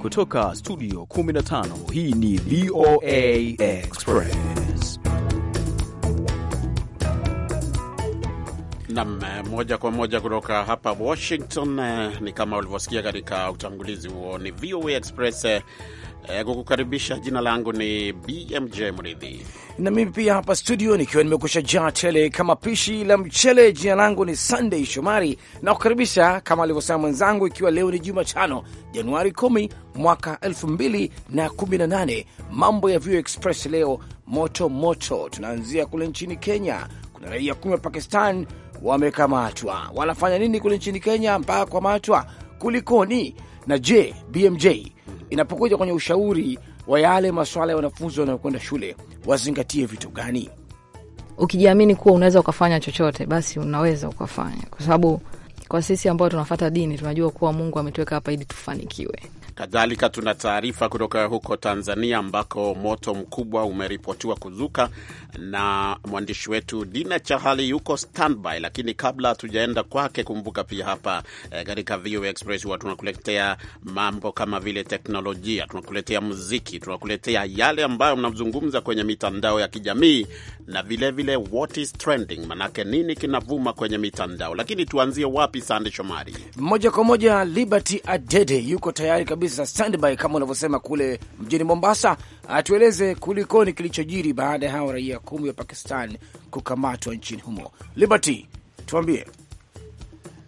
Kutoka studio 15 hii ni VOA Express nam moja kwa moja kutoka hapa Washington. Eh, ni kama ulivyosikia katika utangulizi huo, ni VOA Express eh, Eh, kukukaribisha. Jina langu ni BMJ Mridhi na mimi pia hapa studio nikiwa nimekusha jaa tele kama pishi la mchele. Jina langu ni Sunday Shomari na kukaribisha kama alivyosema mwenzangu, ikiwa leo ni Jumatano Januari 10 mwaka 2018. Mambo ya View Express leo moto moto, tunaanzia kule nchini Kenya. Kuna raia kumi wa Pakistan wamekamatwa. Wanafanya nini kule nchini Kenya mpaka kukamatwa? Kulikoni? Na je, BMJ inapokuja kwenye ushauri wa yale maswala ya wanafunzi wanaokwenda shule wazingatie vitu gani? Ukijiamini kuwa unaweza ukafanya chochote, basi unaweza ukafanya, kwa sababu kwa sisi ambao tunafata dini tunajua kuwa Mungu ametuweka hapa ili tufanikiwe. Kadhalika tuna taarifa kutoka huko Tanzania ambako moto mkubwa umeripotiwa kuzuka, na mwandishi wetu Dina Chahali yuko standby. Lakini kabla hatujaenda kwake, kumbuka pia hapa eh, katika eh, VOA Express huwa tunakuletea mambo kama vile teknolojia, tunakuletea muziki, tunakuletea yale ambayo mnazungumza kwenye mitandao ya kijamii na vilevile vile what is trending, manake nini kinavuma kwenye mitandao. Lakini tuanzie wapi, Sande Shomari? Moja kwa moja, Liberty Adede yuko tayari kabisa za standby kama unavyosema kule mjini Mombasa. Atueleze ah, kulikoni kilichojiri baada ya hao raia kumi wa Pakistan kukamatwa nchini humo. Liberty, tuambie.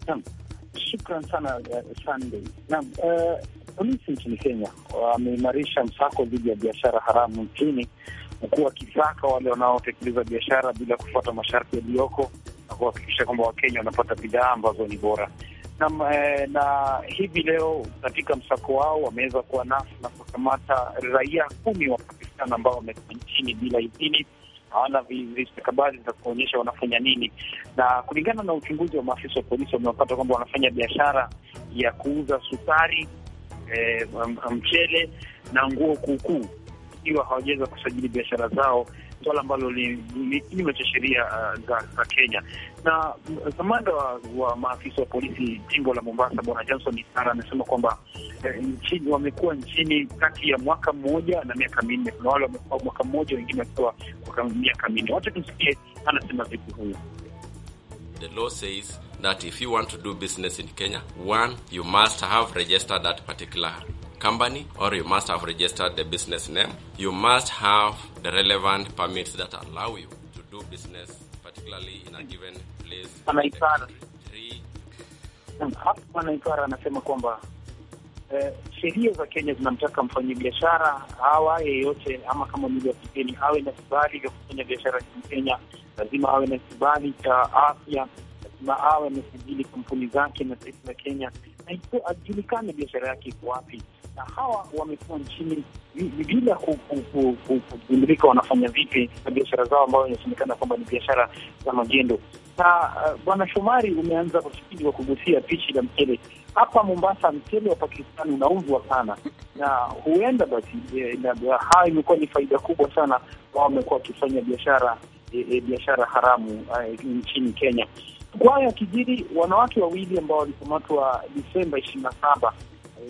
Naam, shukran sana eh, Sunday. Naam, uh, polisi nchini Kenya wameimarisha msako dhidi ya biashara haramu nchini, huku wakisaka wale wanaotekeleza biashara bila kufuata masharti yaliyoko na kuhakikisha kwamba Wakenya wanapata bidhaa ambazo ni bora na, eh, na hivi leo katika msako wao wameweza kuwa nafu na kukamata raia kumi wa Pakistan ambao wamekuwa nchini bila idhini, hawana vistakabadhi za kuonyesha wanafanya nini, na kulingana na uchunguzi wa maafisa wa polisi wamewapata kwamba wanafanya biashara ya kuuza sukari, e, mchele na nguo kuukuu, ikiwa hawajaweza kusajili biashara zao swala ambalo ni kinyume cha sheria uh, za, za Kenya. Na mm, kamanda wa, wa maafisa wa polisi jimbo la Mombasa Bwana Johnson Isara amesema kwamba eh, wamekuwa nchini kati ya mwaka mmoja na miaka minne. Kuna wale wamekuwa mwaka mmoja, wengine wakiwa kwa miaka minne. Wacha tusikie anasema vipi huyu. The law says that if you want to do business in Kenya, one, you must have registered that particular company or you must have registered the business name. You must have the relevant permits that allow you to do business, particularly in a given place. Anaitara anasema kwamba eh, sheria za Kenya zinamtaka biashara hawa yeyote ama kama mili kigeni awe na kibali vya kufanya biashara nchini Kenya, lazima awe na kibali cha afya, lazima awe amesajili kampuni zake na taifa la Kenya na ajulikane biashara yake iko wapi na hawa wamekuwa nchini bila kugundulika wanafanya vipi na biashara zao, ambayo inasemekana kwamba ni biashara za magendo. Na uh, bwana Shomari, umeanza kufikiri wa kugusia pichi la mchele hapa Mombasa. Mchele wa Pakistan unauzwa sana, na huenda basi e, haya imekuwa ni faida kubwa sana, wao wamekuwa wakifanya biashara E, e biashara haramu nchini Kenya. Kwaya kijiri wanawake wawili ambao walikamatwa Disemba ishirini na saba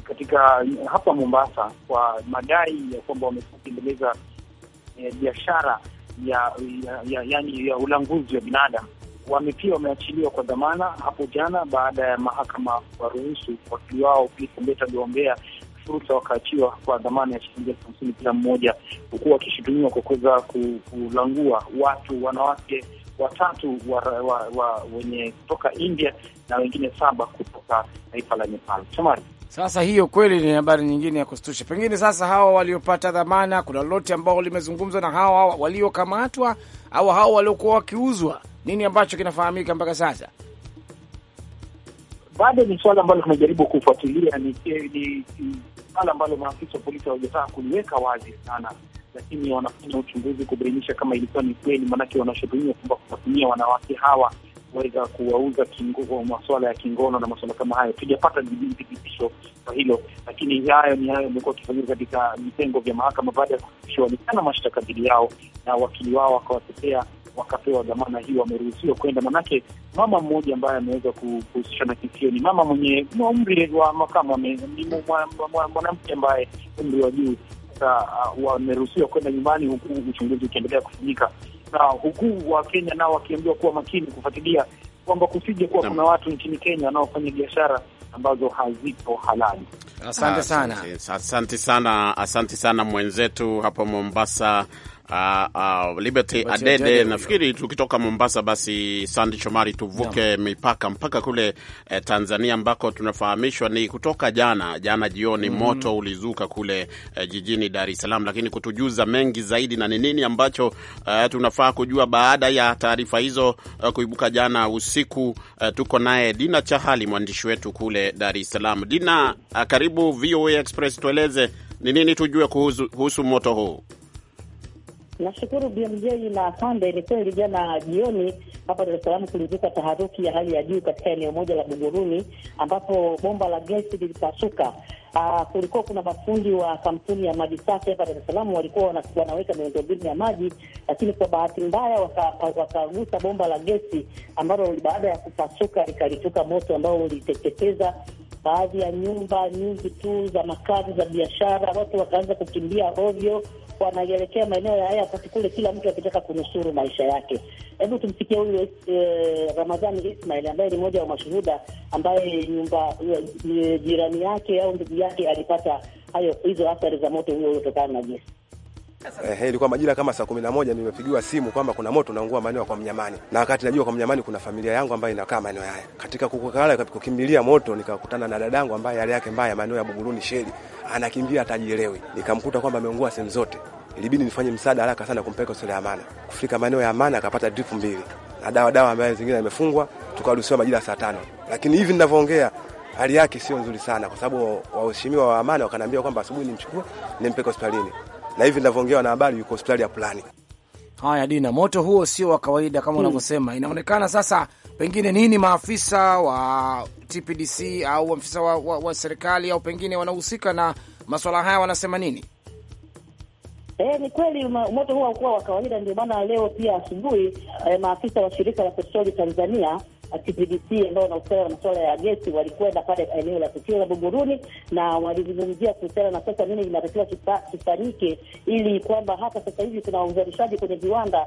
katika hapa Mombasa kwa madai ya kwamba wamekuwa wakiendeleza eh, biashara ya, ya, ya, yani ya ulanguzi wa binadamu. Wame pia wameachiliwa kwa dhamana hapo jana baada ya mahakama kuwaruhusu wakili wao Mbeta aliombea fursa wakaachiwa kwa dhamana ya shilingi elfu hamsini kila mmoja, huku wakishutumiwa kwa kuweza kulangua watu wanawake watatu wa, wa, wa, wenye kutoka India na wengine saba kutoka taifa la Nepal. shomari sasa hiyo kweli ni habari nyingine ya kustusha. Pengine sasa hawa waliopata dhamana, kuna lolote ambao limezungumzwa na hawa waliokamatwa au hawa waliokuwa wakiuzwa? Nini ambacho kinafahamika mpaka sasa? Bado ni suala ambalo tumejaribu kufuatilia, ni suala ambalo maafisa wa polisi hawajataka kuliweka wazi sana, lakini wanafanya uchunguzi kubainisha kama ilikuwa ni kweli, maanake wanashutumiwa kwamba kuwatumia wanawake hawa kuweza kuwauza masuala ya kingono na masuala kama hayo. Tujapata thibitisho kwa hilo, lakini hayo ni hayo amekuwa akifanyika katika vitengo vya mahakama baada ya walikana mashtaka dhidi yao na wakili wao wakawatetea wakapewa dhamana hiyo, wameruhusiwa kwenda. Manake mama mmoja ambaye ameweza kuhusishwa na kisio ni mama mwenye umri wa makamu, ni mwanamke ambaye umri wa juu. Sasa uh, wameruhusiwa kwenda nyumbani, huku uchunguzi ukiendelea kufanyika na huku Wakenya nao wakiambiwa kuwa makini kufuatilia kwamba kusije kuwa kuna watu nchini Kenya wanaofanya biashara ambazo hazipo halali. Asante sana, asante sana, asante sana mwenzetu hapo Mombasa. Uh, uh, Liberty Adede nafikiri tukitoka Mombasa basi Sandi Shomari tuvuke yeah, mipaka mpaka kule eh, Tanzania ambako tunafahamishwa ni kutoka jana jana jioni mm -hmm. Moto ulizuka kule eh, jijini Dar es Salaam, lakini kutujuza mengi zaidi na ni nini ambacho eh, tunafaa kujua baada ya taarifa hizo eh, kuibuka jana usiku eh, tuko naye Dina Chahali mwandishi wetu kule Dar es Salaam. Dina, ah, karibu VOA Express, tueleze ni nini tujue kuhusu, kuhusu moto huu. Nashukuru BMJ na Sande. Ni kweli jana jioni hapa Dar es Salaam kulizuka taharuki ya hali ya juu katika eneo moja la Buguruni ambapo bomba la gesi lilipasuka. Uh, kulikuwa kuna mafundi wa kampuni ya maji safi hapa Dar es Salaam walikuwa wanaweka miundombinu ya maji, lakini kwa bahati mbaya wakagusa waka bomba la gesi ambalo baada ya kupasuka likalituka moto ambao uliteketeza baadhi ya nyumba nyingi tu za makazi za biashara, watu wakaanza kukimbia hovyo, wanaelekea maeneo ya haya airport kule, kila mtu akitaka kunusuru maisha yake. Hebu tumsikie huyu eh, Ramadhani Ismail ambaye ni mmoja wa mashuhuda ambaye nyumba eh, jirani yake au ndugu yake alipata hayo hizo athari za moto huo uliotokana na gesi. Eh, ilikuwa majira kama saa 11 nimepigiwa simu kwamba kuna moto unaungua maeneo kwa Mnyamani, na wakati najua kwa Mnyamani kuna familia yangu ambayo inakaa maeneo haya. Katika kukukala kukimbilia moto, nikakutana na dadangu ambaye hali yake mbaya, maeneo ya Buguruni Sheli, anakimbia hatajielewi, nikamkuta kwamba ameungua sehemu zote. Ilibidi nifanye msaada haraka sana kumpeleka hospitali ya Amana. Kufika maeneo ya Amana akapata drip mbili na dawa dawa ambayo zingine imefungwa, tukaruhusiwa majira saa tano, lakini hivi ninavyoongea hali yake sio nzuri sana, kwa sababu waheshimiwa wa Amana wakaniambia kwamba asubuhi nimchukue nimpeke hospitalini na hivi ninavyoongea wanahabari, yuko hospitali ya Pulani. Haya, Dina, moto huo sio wa kawaida kama hmm. unavyosema. Inaonekana sasa, pengine nini maafisa wa TPDC au maafisa wa, wa, wa serikali au pengine wanahusika na masuala haya wanasema nini? E, ni kweli moto huo haukuwa wa kawaida. Ndio maana leo pia asubuhi e, maafisa wa shirika la petroli Tanzania TPDC ambao wanahusika na masuala ya gesi walikwenda pale eneo la tukio la Buguruni na walizungumzia kuhusiana na sasa nini inatakiwa kifanyike, ili kwamba hata sasa hivi kuna uzalishaji kwenye viwanda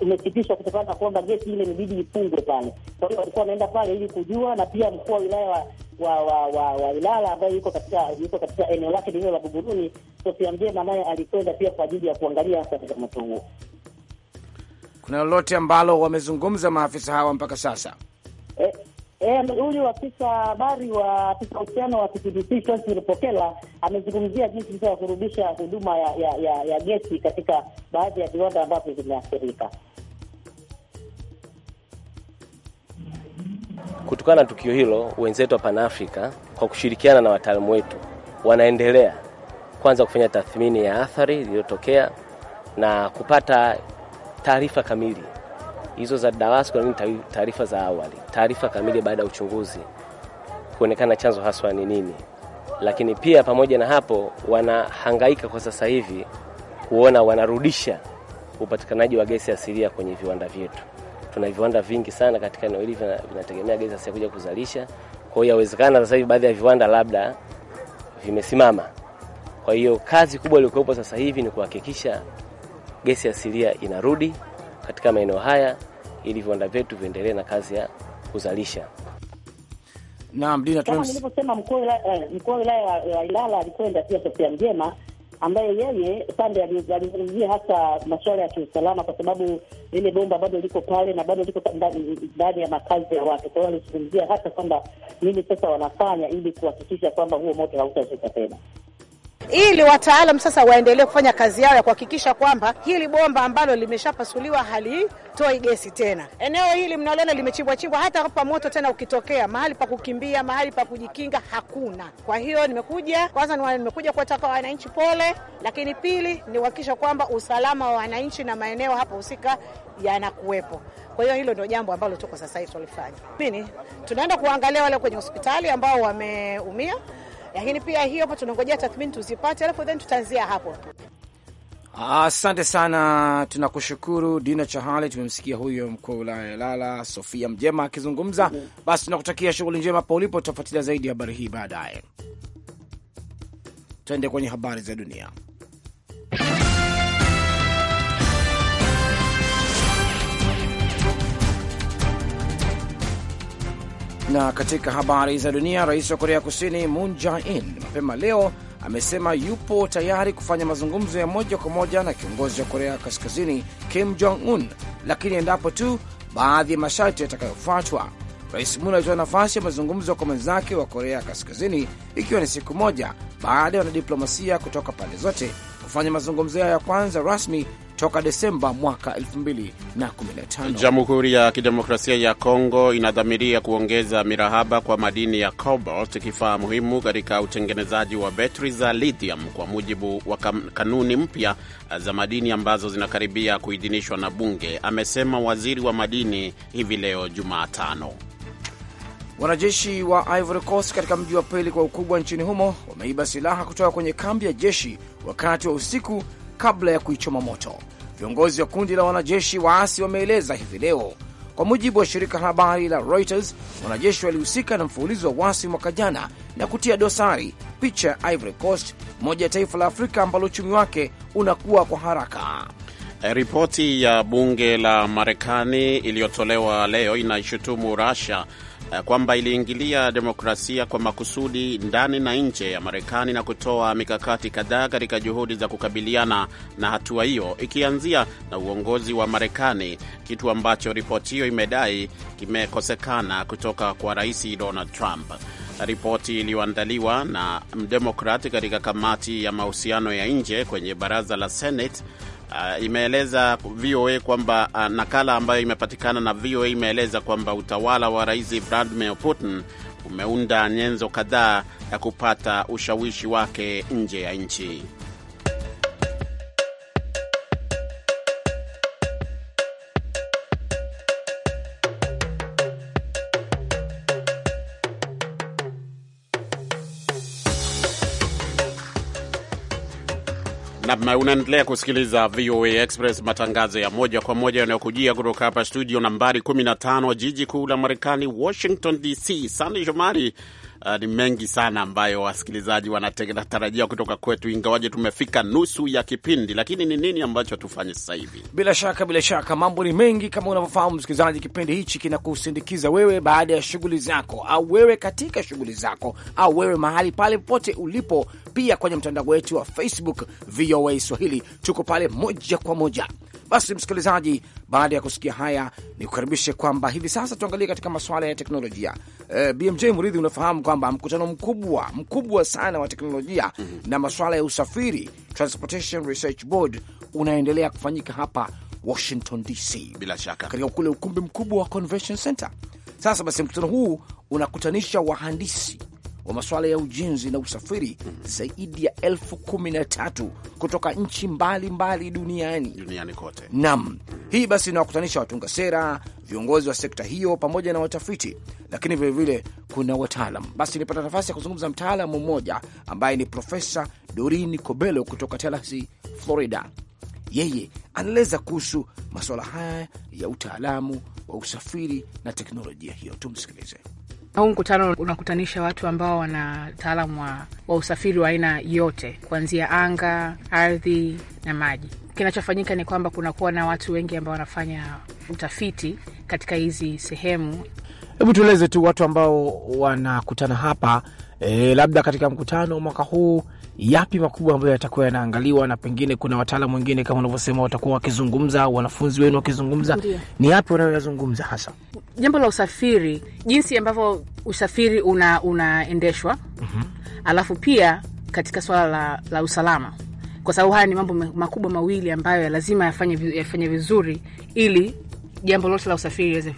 umesitishwa kutokana na kwamba gesi ile imebidi ifungwe pale. Kwa hiyo walikuwa wanaenda pale ili kujua, na pia mkuu wa wilaya wa wa wa wa wa Ilala ambayo yuko katika yuko katika eneo lake lile la Buguruni, Sofia Njema, naye alikwenda pia kwa ajili ya kuangalia sasa changamoto huo. Kuna lolote ambalo wamezungumza maafisa hawa mpaka sasa? Eh, eh, huyu e, e, afisa habari wa afisa uhusiano wa TPDC Francis amezungumzia jinsi ya kurudisha huduma ya, ya, ya, ya gesi katika baadhi ya viwanda ambavyo vimeathirika kutokana na tukio hilo. Wenzetu wa Panafrica kwa kushirikiana na wataalamu wetu wanaendelea kwanza kufanya tathmini ya athari iliyotokea na kupata taarifa kamili hizo za DAWASCO, lakini taarifa za awali, taarifa kamili baada ya uchunguzi kuonekana chanzo haswa ni nini. Lakini pia pamoja na hapo, wanahangaika kwa sasa hivi kuona wanarudisha upatikanaji wa gesi asilia kwenye viwanda vyetu. Tuna viwanda vingi sana katika eneo hili vinategemea gesi asilia kuja kuzalisha. Kwa hiyo yawezekana sasa hivi baadhi ya viwanda labda vimesimama. Kwa hiyo kazi kubwa iliyokuwepo sasa hivi ni kuhakikisha gesi asilia inarudi katika maeneo haya ili viwanda vyetu viendelee na kazi ya kuzalisha. Naam, Dina, kama nilivyosema, mkuu wa wilaya eh, ya Ilala alikwenda pia Sofia Mjema ambaye yeye pande alizungumzia hasa masuala ya kiusalama, kwa sababu lile bomba bado liko pale na bado liko ndani ya makazi ya watu. Kwa hiyo alizungumzia hasa kwamba nini sasa wanafanya ili kuhakikisha kwamba huo moto hautashika tena ili wataalam sasa waendelee kufanya kazi yao ya kuhakikisha kwamba hili bomba ambalo limeshapasuliwa halitoi gesi tena. Eneo hili mnaliona limechimbwa chimbwa, hata hapa moto tena ukitokea, mahali pa kukimbia, mahali pa kujikinga hakuna. Kwa hiyo nimekuja kwanza, nimekuja kuwataka wananchi pole, lakini pili ni kuhakikisha kwamba usalama wa wananchi na maeneo hapa husika yanakuwepo. Kwa hiyo hilo ndio jambo ambalo tuko sasa hivi tulifanya. Mimi tunaenda kuangalia wale kwenye hospitali ambao wameumia lakini pia hiyo hapo tunangojea tathmini tuzipate, alafu then tutaanzia hapo. Asante sana, tunakushukuru Dina Chahali. Tumemsikia huyo mkuu wa wilaya ya Ilala Sofia Mjema akizungumza. Basi tunakutakia shughuli njema pa ulipo, tutafuatilia zaidi habari hii baadaye. Tuende kwenye habari za dunia. Na katika habari za dunia, rais wa Korea Kusini Moon Jae-in mapema leo amesema yupo tayari kufanya mazungumzo ya moja kwa moja na kiongozi wa Korea Kaskazini Kim Jong Un, lakini endapo tu baadhi ya masharti yatakayofuatwa. Rais Moon alitoa nafasi ya mazungumzo kwa mwenzake wa Korea Kaskazini ikiwa ni siku moja baada ya wanadiplomasia kutoka pande zote kufanya mazungumzo yao ya kwanza rasmi toka Desemba mwaka 2015. Jamhuri ya Kidemokrasia ya Kongo inadhamiria kuongeza mirahaba kwa madini ya cobalt, kifaa muhimu katika utengenezaji wa betri za lithium, kwa mujibu wa kanuni mpya za madini ambazo zinakaribia kuidhinishwa na bunge, amesema waziri wa madini hivi leo Jumatano. Wanajeshi wa Ivory Coast katika mji wa pili kwa ukubwa nchini humo wameiba silaha kutoka kwenye kambi ya jeshi wakati wa usiku kabla ya kuichoma moto. Viongozi wa kundi la wanajeshi waasi wameeleza hivi leo, kwa mujibu wa shirika la habari la Reuters. Wanajeshi walihusika na mfululizo wa wasi mwaka jana na kutia dosari picha ya Ivory Coast, moja ya taifa la Afrika ambalo uchumi wake unakuwa kwa haraka. Eh, ripoti ya bunge la Marekani iliyotolewa leo inaishutumu Russia Eh, kwamba iliingilia demokrasia kwa makusudi ndani na nje ya Marekani na kutoa mikakati kadhaa katika juhudi za kukabiliana na hatua hiyo, ikianzia na uongozi wa Marekani, kitu ambacho ripoti hiyo imedai kimekosekana kutoka kwa Rais Donald Trump. Ripoti iliyoandaliwa na mdemokrati katika kamati ya mahusiano ya nje kwenye baraza la Senate uh, imeeleza VOA kwamba uh, nakala ambayo imepatikana na VOA imeeleza kwamba utawala wa Rais Vladimir Putin umeunda nyenzo kadhaa ya kupata ushawishi wake nje ya nchi. nam unaendelea kusikiliza VOA Express, matangazo ya moja kwa moja yanayokujia kutoka hapa studio nambari 15 jiji kuu la Marekani, Washington DC. sandi Shomari Uh, ni mengi sana ambayo wasikilizaji wanatarajia kutoka kwetu, ingawaje tumefika nusu ya kipindi, lakini ni nini ambacho tufanye sasa hivi? Bila shaka, bila shaka mambo ni mengi kama unavyofahamu msikilizaji. Kipindi hichi kinakusindikiza wewe baada ya shughuli zako, au wewe katika shughuli zako, au wewe mahali pale popote ulipo, pia kwenye mtandao wetu wa Facebook VOA Swahili, tuko pale moja kwa moja basi msikilizaji, baada ya kusikia haya, ni kukaribishe kwamba hivi sasa tuangalie katika masuala ya teknolojia. Uh, eh, BMJ Mridhi, unafahamu kwamba mkutano mkubwa mkubwa sana wa teknolojia mm -hmm. na masuala ya usafiri Transportation Research Board unaendelea kufanyika hapa Washington DC, bila shaka katika kule ukumbi mkubwa wa Convention Center. Sasa basi mkutano huu unakutanisha wahandisi wa masuala ya ujenzi na usafiri zaidi ya elfu kumi na tatu kutoka nchi mbalimbali duniani, duniani kote. Naam, hii basi inawakutanisha watunga sera, viongozi wa sekta hiyo pamoja na watafiti, lakini vilevile kuna wataalam. Basi nilipata nafasi ya kuzungumza mtaalamu mmoja ambaye ni Profesa dorini cobelo kutoka Telasi, Florida. Yeye anaeleza kuhusu masuala haya ya utaalamu wa usafiri na teknolojia hiyo. Tumsikilize. Huu mkutano unakutanisha watu ambao wana taalamu wa, wa usafiri wa aina yote kuanzia anga, ardhi na maji. Kinachofanyika ni kwamba kunakuwa na watu wengi ambao wanafanya utafiti katika hizi sehemu. Hebu tueleze tu watu ambao wanakutana hapa, e, labda katika mkutano mwaka huu yapi makubwa ambayo yatakuwa yanaangaliwa, na pengine kuna wataalamu wengine kama unavyosema watakuwa wakizungumza, wanafunzi wenu wakizungumza, ni yapi wanayoyazungumza hasa? Jambo la usafiri, jinsi ambavyo usafiri una unaendeshwa, mm-hmm. alafu pia katika swala la, la usalama kwa sababu haya ni mambo makubwa mawili ambayo ya lazima yafanye, yafanye vizuri ili jambo lote la usafiri liweze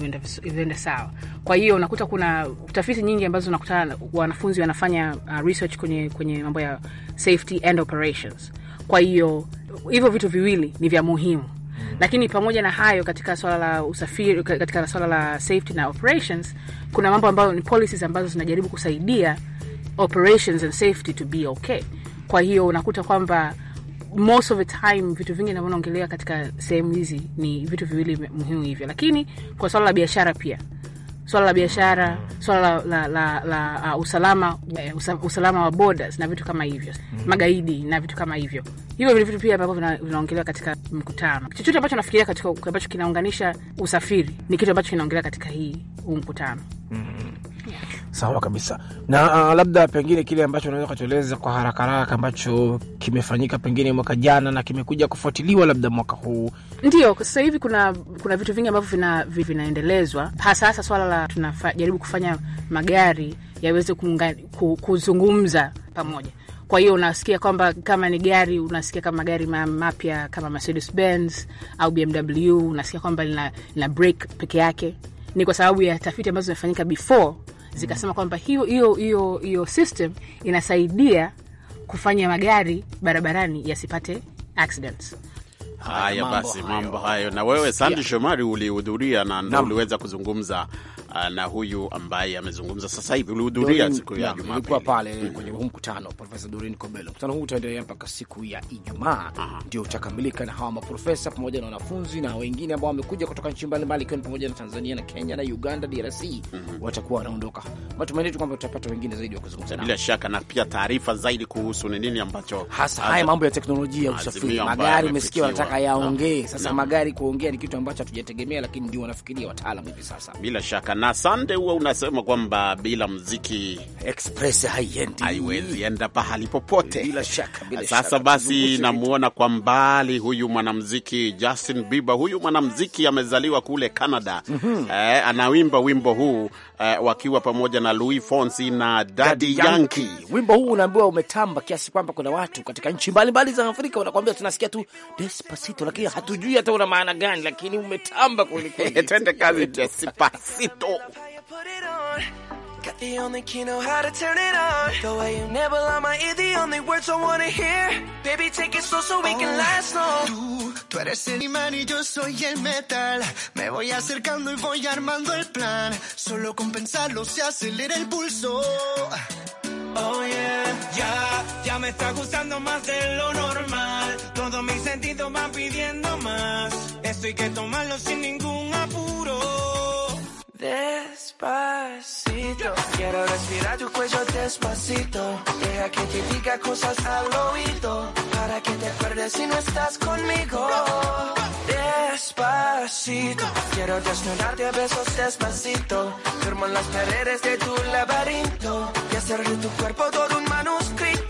kuenda sawa. Kwa hiyo unakuta kuna tafiti nyingi ambazo unakuta wanafunzi wanafanya uh, research kwenye kwenye mambo ya safety and operations. Kwa hiyo hivyo vitu viwili ni vya muhimu mm. lakini pamoja na hayo, katika swala la usafiri, katika swala la safety na operations, kuna mambo ambayo ni policies ambazo zinajaribu kusaidia operations and safety to be okay. Kwa hiyo unakuta kwamba most of the time vitu vingi navyonaongelea katika sehemu hizi ni vitu viwili muhimu hivyo, lakini kwa swala la biashara pia swala la biashara, swala la, la, la uh, usalama uh, usalama wa borders na vitu kama hivyo mm. magaidi na vitu kama hivyo, hivyo vile vitu pia ambavyo vinaongelewa katika mkutano. Chochote ambacho nafikiria katika ambacho kinaunganisha usafiri ni kitu ambacho kinaongelewa katika hii huu mkutano mm. Sawa kabisa. Na uh, labda pengine kile ambacho unaweza kutueleza kwa haraka haraka ambacho kimefanyika pengine mwaka jana na kimekuja kufuatiliwa labda mwaka huu. Ndio, sasa hivi kuna kuna vitu vingi ambavyo vina, vinaendelezwa hasa hasa swala la tunajaribu kufanya magari yaweze kuzungumza pamoja. Kwa hiyo unasikia kwamba kama ni gari, unasikia kama magari mapya kama Mercedes Benz au BMW, unasikia kwamba lina, lina brake peke yake. Ni kwa sababu ya tafiti ambazo zimefanyika before zikasema kwamba hiyo hiyo hiyo hiyo system inasaidia kufanya magari barabarani yasipate accidents. Haya basi, mambo hayo. Na wewe Sandi Shomari ulihudhuria na ndo uliweza kuzungumza uh, na huyu ambaye amezungumza sasa hivi. Ulihudhuria siku ya Jumapili, ulikuwa pale mm -hmm. kwenye huu mkutano Profesa Dorin Kobelo. Mkutano huu utaendelea mpaka siku ya Ijumaa ndio utakamilika, na hawa maprofesa pamoja na wanafunzi na wengine ambao wamekuja kutoka nchi mbalimbali, ikiwa ni pamoja na Tanzania na Kenya na Uganda, DRC mm -hmm. watakuwa wanaondoka. Matumaini yetu kwamba tutapata wengine zaidi wa kuzungumza bila shaka, na pia taarifa zaidi kuhusu ni nini ambacho hasa haya mambo ya teknolojia ya usafiri, magari. Umesikia wanataka hayaongee. Ah, sasa na magari kuongea ni kitu ambacho hatujategemea, lakini ndio wanafikiria wataalam hivi sasa. Bila shaka na Sande, huwa unasema kwamba bila mziki express haiendi, haiwezi enda pahali popote. Bila shaka, bila sasa shaka. Basi namwona kwa mbali huyu mwanamziki Justin Bieber. Huyu mwanamziki amezaliwa kule Canada. mm -hmm. Eh, anawimba wimbo huu uh, wakiwa pamoja na Louis Fonsi na Daddy Yankee. Wimbo huu unaambiwa umetamba kiasi kwamba kuna watu katika nchi mbalimbali za Afrika wanakuambia, tunasikia tu Despacito, lakini hatujui hata una maana gani, lakini umetamba kweli kweli. Tende kazi Despacito. Got the only key know how to turn it on. The way you never lie my ear, the only words I wanna hear. Baby, take it slow so we can oh. last long. Tú eres el imán y yo soy el metal. Me voy acercando y voy armando el plan. Solo con pensarlo se acelera el pulso. Oh yeah, ya, ya me está gustando más de lo normal. Todos mis sentidos van pidiendo más. Esto hay que tomarlo sin ningún apuro. Despacito, quiero respirar tu cuello despacito. Deja que te diga cosas al oído para que te acuerdes si no estás conmigo. Despacito, quiero desnudarte a besos despacito. Firmo en las paredes de tu laberinto y hacer tu cuerpo todo un manuscrito.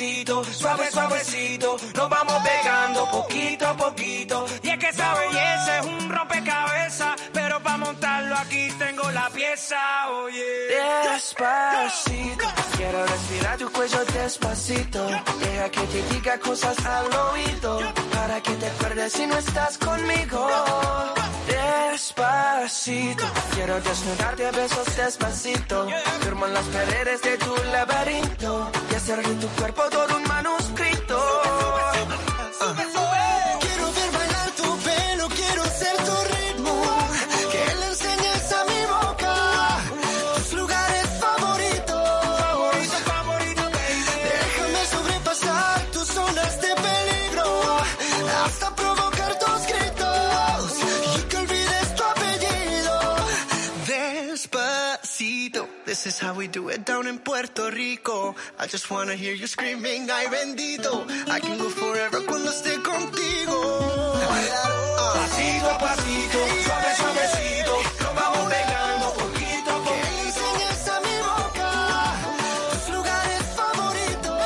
Suave suave, suavecito, nos vamos pegando poquito a poquito, oye. Despacito, quiero respirar tu cuello despacito. Deja que te diga cosas al oído. Para que te acuerdes si no estás conmigo. Despacito, quiero desnudarte a besos despacito. Firmo en las paredes de tu laberinto. Y hacer de tu cuerpo todo un manuscrito. Ah. we do it down in Puerto Rico. I just wanna hear you screaming, ay bendito. I can go forever cuando esté contigo. Pasito a pasito, suave suavecito, nos vamos pegando poquito a poquito. Que a mi boca tus lugares favoritos.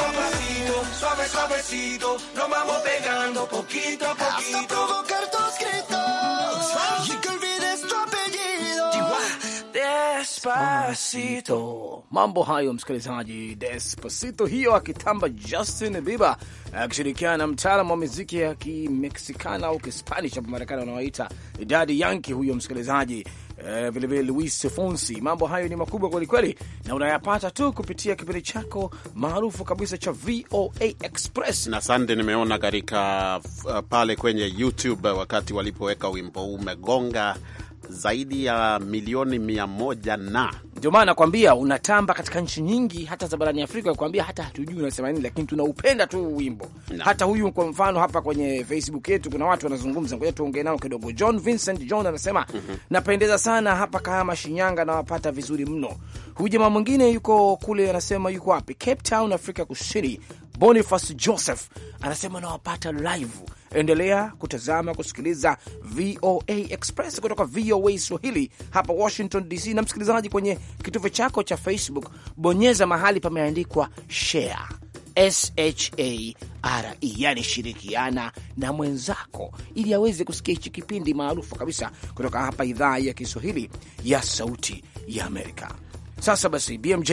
Pasito a pasito, suave suavecito, nos vamos pegando poquito a poquito. Hasta provocar tus gritos. Despacito. Mambo hayo msikilizaji, Despacito hiyo akitamba Justin Bieber akishirikiana na mtaalamu wa muziki ya Kimeksikana au Kispanish hapa Marekani wanaoita Daddy Yankee huyo msikilizaji vilevile eh, vile vile Luis Fonsi. Mambo hayo ni makubwa kwelikweli, na unayapata tu kupitia kipindi chako maarufu kabisa cha VOA Express. Na sande, nimeona katika uh, pale kwenye YouTube wakati walipoweka wimbo umegonga zaidi ya milioni mia moja na ndio maana nakwambia unatamba katika nchi nyingi, hata za barani Afrika. Nakwambia hata hatujui unasema nini, lakini tunaupenda tu wimbo na. Hata huyu kwa mfano hapa kwenye Facebook yetu kuna watu wanazungumza, ngoja tuongee nao kidogo. John Vincent John anasema mm -hmm. napendeza sana hapa Kahama, Shinyanga, nawapata vizuri mno. Huyu jamaa mwingine yuko kule, anasema yuko wapi? Cape Town, Afrika Kusini. Boniface Joseph anasema anawapata live. Endelea kutazama kusikiliza VOA Express kutoka VOA Swahili hapa Washington DC. Na msikilizaji, kwenye kitufe chako cha Facebook bonyeza mahali pameandikwa share share yani, shirikiana na mwenzako ili aweze kusikia hichi kipindi maarufu kabisa kutoka hapa idhaa ya Kiswahili ya Sauti ya Amerika. Sasa basi, BMJ,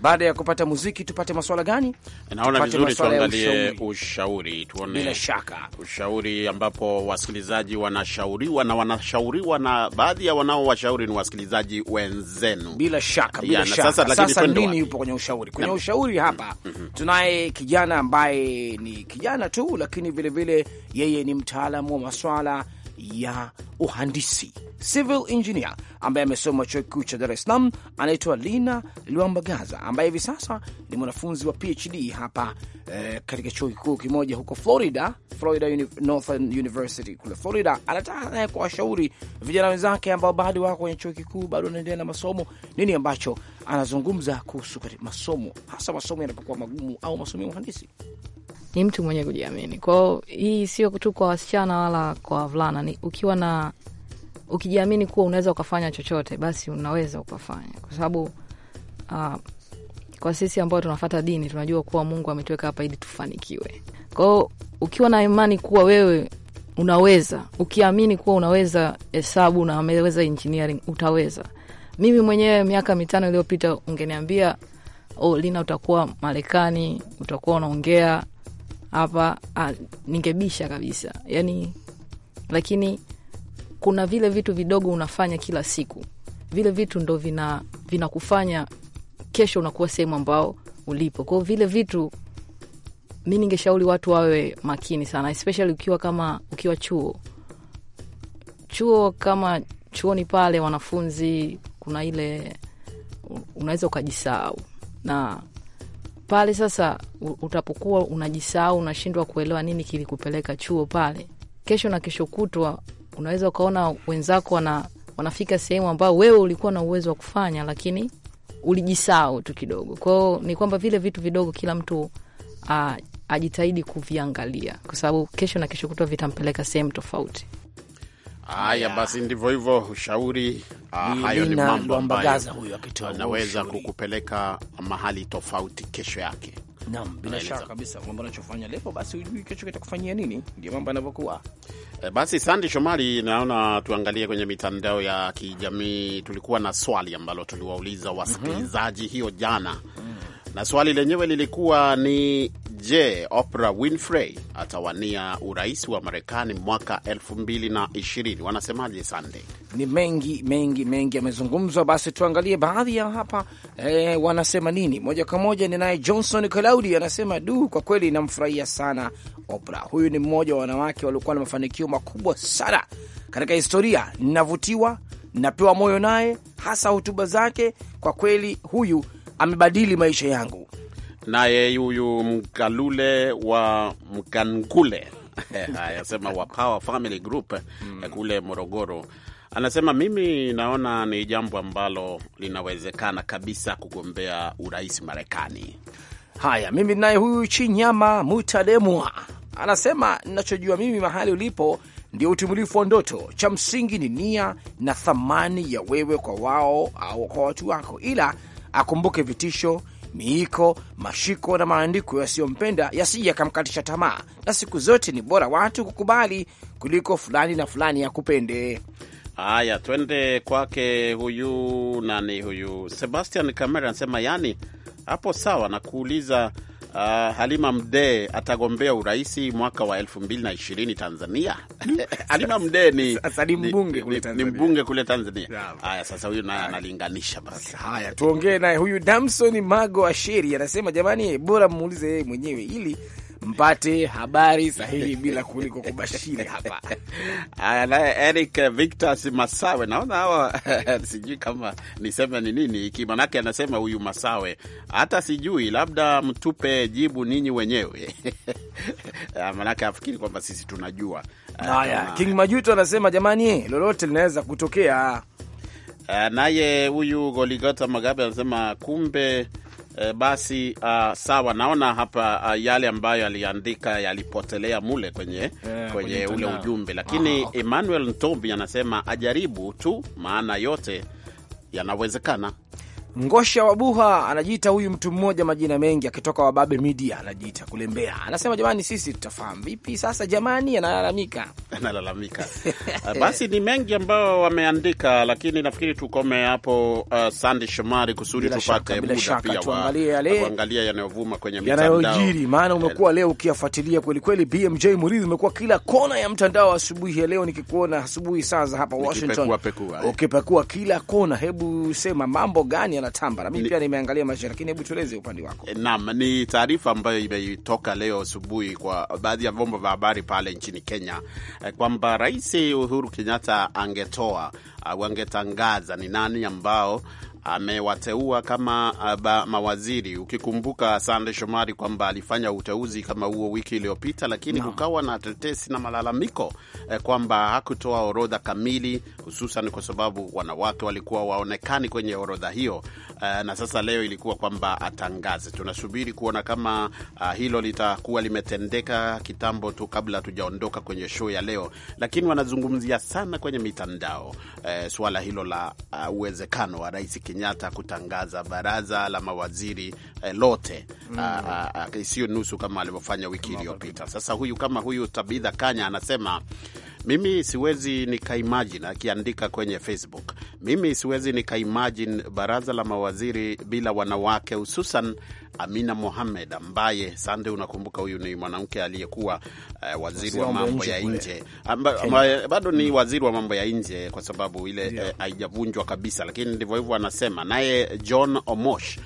baada ya kupata muziki tupate maswala gani? Naona vizuri tuangalie ushauri, tuone bila shaka ushauri, ambapo wasikilizaji wanashauriwa na wanashauriwa na baadhi ya wanaowashauri ni wasikilizaji wenzenu, bila shaka, bila shaka. Sasa, sasa nini yupo kwenye ushauri? Kwenye ushauri hapa mm -hmm. tunaye kijana ambaye ni kijana tu, lakini vilevile vile, yeye ni mtaalamu wa maswala ya uhandisi. Civil engineer ambaye amesoma chuo kikuu cha Dar es Salaam anaitwa Lina Lwambagaza, ambaye hivi sasa ni mwanafunzi wa PhD hapa eh, katika chuo kikuu kimoja huko Florida, Florida Uni Northern University kule Florida. Anataka naye eh, kuwashauri vijana wenzake ambao bado wako kwenye chuo kikuu, bado wanaendelea na masomo, nini ambacho anazungumza kuhusu masomo, hasa masomo yanapokuwa magumu au masomo ya uhandisi ni mtu mwenye kujiamini. Kwao hii sio tu kwa wasichana wala kwa wavulana, ni ukiwa na ukijiamini kuwa unaweza ukafanya chochote, basi unaweza ukafanya, kwa sababu uh, kwa sisi ambao tunafata dini tunajua kuwa Mungu ametuweka hapa ili tufanikiwe. Kwao ukiwa na imani kuwa wewe unaweza, ukiamini kuwa unaweza hesabu na ameweza engineering, utaweza. Mimi mwenyewe miaka mitano iliyopita ungeniambia, oh, Lina, utakuwa Marekani, utakuwa unaongea hapa ah, ningebisha kabisa yani, lakini kuna vile vitu vidogo unafanya kila siku, vile vitu ndo vina vinakufanya kesho unakuwa sehemu ambao ulipo. Kwao vile vitu mi ningeshauri watu wawe makini sana, especially ukiwa kama ukiwa chuo chuo kama chuoni pale wanafunzi, kuna ile unaweza ukajisahau na pale sasa utapokuwa unajisahau, unashindwa kuelewa nini kilikupeleka chuo pale, kesho na kesho kutwa unaweza ukaona wenzako wana, wanafika sehemu ambayo wewe ulikuwa na uwezo wa kufanya, lakini ulijisahau tu kidogo. Kwao ni kwamba vile vitu vidogo kila mtu a, ajitahidi kuviangalia, kwa sababu kesho na kesho kutwa vitampeleka sehemu tofauti. Haya basi, ndivyo hivyo ushauri. Ah, hayo ni mambo ambayo anaweza kukupeleka mahali tofauti kesho yake. Naam, bila shaka kabisa, mambo anachofanya leo basi hujui kesho kitakufanyia nini, ndio mambo yanavyokuwa. E, basi Sandi Shomari, naona tuangalie kwenye mitandao ya kijamii. Tulikuwa na swali ambalo tuliwauliza wasikilizaji mm -hmm. hiyo jana mm -hmm. na swali lenyewe lilikuwa ni Je, Oprah Winfrey atawania urais wa Marekani mwaka 2020? Wanasemaje Sunday? Ni mengi mengi mengi yamezungumzwa, basi tuangalie baadhi ya hapa e, wanasema nini moja kwa moja. ni naye Johnson Claudi anasema du, kwa kweli namfurahia sana Oprah. Huyu ni mmoja wa wanawake waliokuwa na mafanikio makubwa sana katika historia. Ninavutiwa, napewa moyo naye, hasa hotuba zake. Kwa kweli huyu amebadili maisha yangu naye huyu Mkalule wa Mkankule anasema wa Power Family Group mm. kule Morogoro anasema mimi naona ni jambo ambalo linawezekana kabisa kugombea urais Marekani. Haya, mimi naye huyu Chinyama Mutalemwa anasema ninachojua mimi mahali ulipo ndio utimilifu wa ndoto. Cha msingi ni nia na thamani ya wewe kwa wao au kwa watu wako, ila akumbuke vitisho miiko, mashiko na maandiko yasiyompenda yasije yakamkatisha tamaa, na siku zote ni bora watu kukubali kuliko fulani na fulani ya kupende. Haya, twende kwake huyu nani, huyu Sebastian Kamera anasema, yani hapo sawa na kuuliza uh, Halima Mdee atagombea uraisi mwaka wa ishirini Tanzania. Halima Mdee ni, ni, mbunge kule Tanzania, ni mbunge kule Tanzania. Haya, sasa huyu naye analinganisha basi. Haya, tuongee naye huyu Damson Mago Asheri anasema, jamani, bora mmuulize yeye mwenyewe ili mpate habari sahihi bila kuliko kubashiri hapa. Eric Victor Masawe, naona hawa sijui kama niseme ni nini manake anasema huyu Masawe hata sijui, labda mtupe jibu ninyi wenyewe manake afikiri kwamba sisi tunajua. Haya, King Majuto anasema jamani, lolote linaweza kutokea. Eh, naye huyu Goligota Magabe anasema kumbe E, basi uh, sawa. Naona hapa uh, yale ambayo aliandika yalipotelea mule kwenye, yeah, kwenye, kwenye ule ujumbe, ah, lakini ah, okay. Emmanuel Ntombi anasema ajaribu tu, maana yote yanawezekana. Ngosha Wabuha anajiita huyu mtu mmoja majina mengi, akitoka Wababe Media anajiita kulembea. Anasema jamani, sisi tutafahamu vipi sasa? Jamani, analalamika analalamika. Basi ni mengi ambayo wameandika, lakini nafikiri tukome hapo. Uh, Sandi Shomari, kusudi tupate muda pia tuangalia yanayovuma kwenye mitandao yanayojiri, maana umekuwa eh. leo ukiyafuatilia kwelikweli. BMJ Muridhi, umekuwa kila kona ya mtandao asubuhi ya leo, nikikuona asubuhi saa za hapa Washington eh. ukipekua kila kona. Hebu sema mambo gani unatamba na mimi pia nimeangalia maisha, lakini hebu tueleze upande wako. Eh, naam, ni taarifa ambayo imetoka leo asubuhi kwa baadhi ya vyombo vya habari pale nchini Kenya eh, kwamba Rais Uhuru Kenyatta angetoa au ah, angetangaza ni nani ambao amewateua kama ah, ba, mawaziri. Ukikumbuka Sande Shomari kwamba alifanya uteuzi kama huo wiki iliyopita, lakini no. kukawa na tetesi na malalamiko eh, kwamba hakutoa orodha kamili, hususan kwa sababu wanawake walikuwa waonekani kwenye orodha hiyo eh, na sasa leo ilikuwa kwamba atangaze. Tunasubiri kuona kama ah, hilo litakuwa limetendeka kitambo tu kabla tujaondoka kwenye show ya leo, lakini wanazungumzia sana kwenye mitandao eh, suala hilo la uh, uwezekano wa rais Kenyatta kutangaza baraza la mawaziri eh, lote mm. ah, ah, ah, isiyo nusu kama alivyofanya wiki iliyopita. Sasa huyu kama huyu Tabitha Kanya anasema mimi siwezi nikaimajin, akiandika kwenye Facebook, mimi siwezi nikaimajin baraza la mawaziri bila wanawake, hususan Amina Mohamed ambaye sande, unakumbuka huyu ni mwanamke aliyekuwa uh, waziri wa mambo ya nje ambaye bado ni mm. waziri wa mambo ya nje kwa sababu ile eh, haijavunjwa uh, kabisa, lakini ndivyo hivyo anasema. Naye John Omosh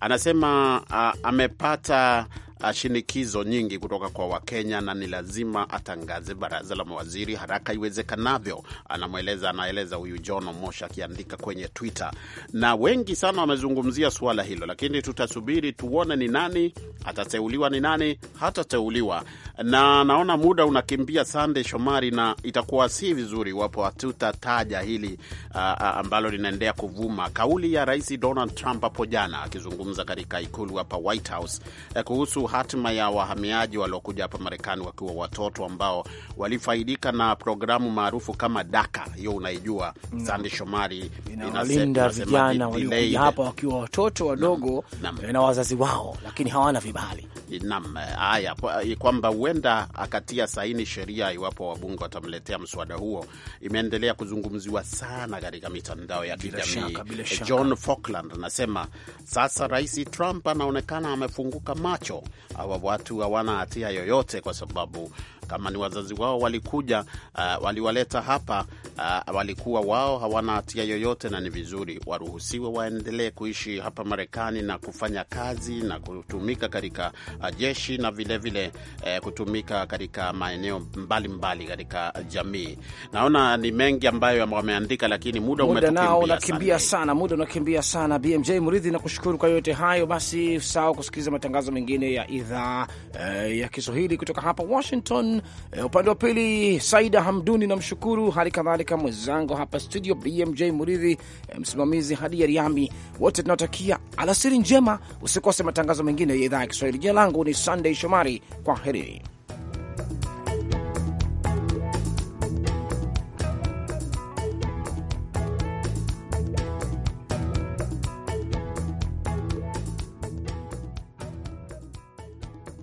anasema uh, amepata Ah, shinikizo nyingi kutoka kwa Wakenya na ni lazima atangaze baraza la mawaziri haraka iwezekanavyo, anamweleza anaeleza huyu John Mosh akiandika kwenye Twitter. Na wengi sana wamezungumzia suala hilo, lakini tutasubiri tuone ni nani atateuliwa, ni nani hatateuliwa. Na naona muda unakimbia, Sande Shomari, na itakuwa si vizuri iwapo hatutataja hili uh, ambalo linaendelea kuvuma, kauli ya Rais Donald Trump hapo jana akizungumza katika ikulu hapa White House eh, kuhusu hatima ya wahamiaji waliokuja hapa Marekani wakiwa watoto ambao walifaidika na programu maarufu kama DACA. Hiyo unaijua mm. Sande Shomari, inawalinda vijana waliokuja hapa wakiwa watoto wadogo na wazazi wao, lakini hawana vibali. Naam, haya kwamba huenda akatia saini sheria iwapo wabunge watamletea mswada huo, imeendelea kuzungumziwa sana katika mitandao ya kijamii. Eh, John Falkland anasema sasa Rais Trump anaonekana amefunguka macho hawa watu hawana hatia yoyote, kwa sababu kama ni wazazi wao walikuja, uh, waliwaleta hapa uh, walikuwa wao hawana hatia yoyote, na ni vizuri waruhusiwe waendelee kuishi hapa Marekani na kufanya kazi na kutumika katika ah, jeshi na vilevile vile, uh, kutumika katika maeneo mbalimbali katika jamii. Naona ni mengi ambayo wameandika, lakini muda umetukimbia, unakimbia sana, muda unakimbia sana. BMJ Mridhi, nakushukuru kwa yote hayo. Basi sawa, kusikiliza matangazo mengine ya idhaa eh, ya Kiswahili kutoka hapa Washington. Eh, upande wa pili Saida Hamduni namshukuru hali kadhalika kadhalika mwenzangu hapa studio BMJ Muridhi, eh, msimamizi Hadi ya riami Wote tunawatakia alasiri njema, usikose matangazo mengine ya idhaa ya Kiswahili. Jina langu ni Sunday Shomari, kwa herini.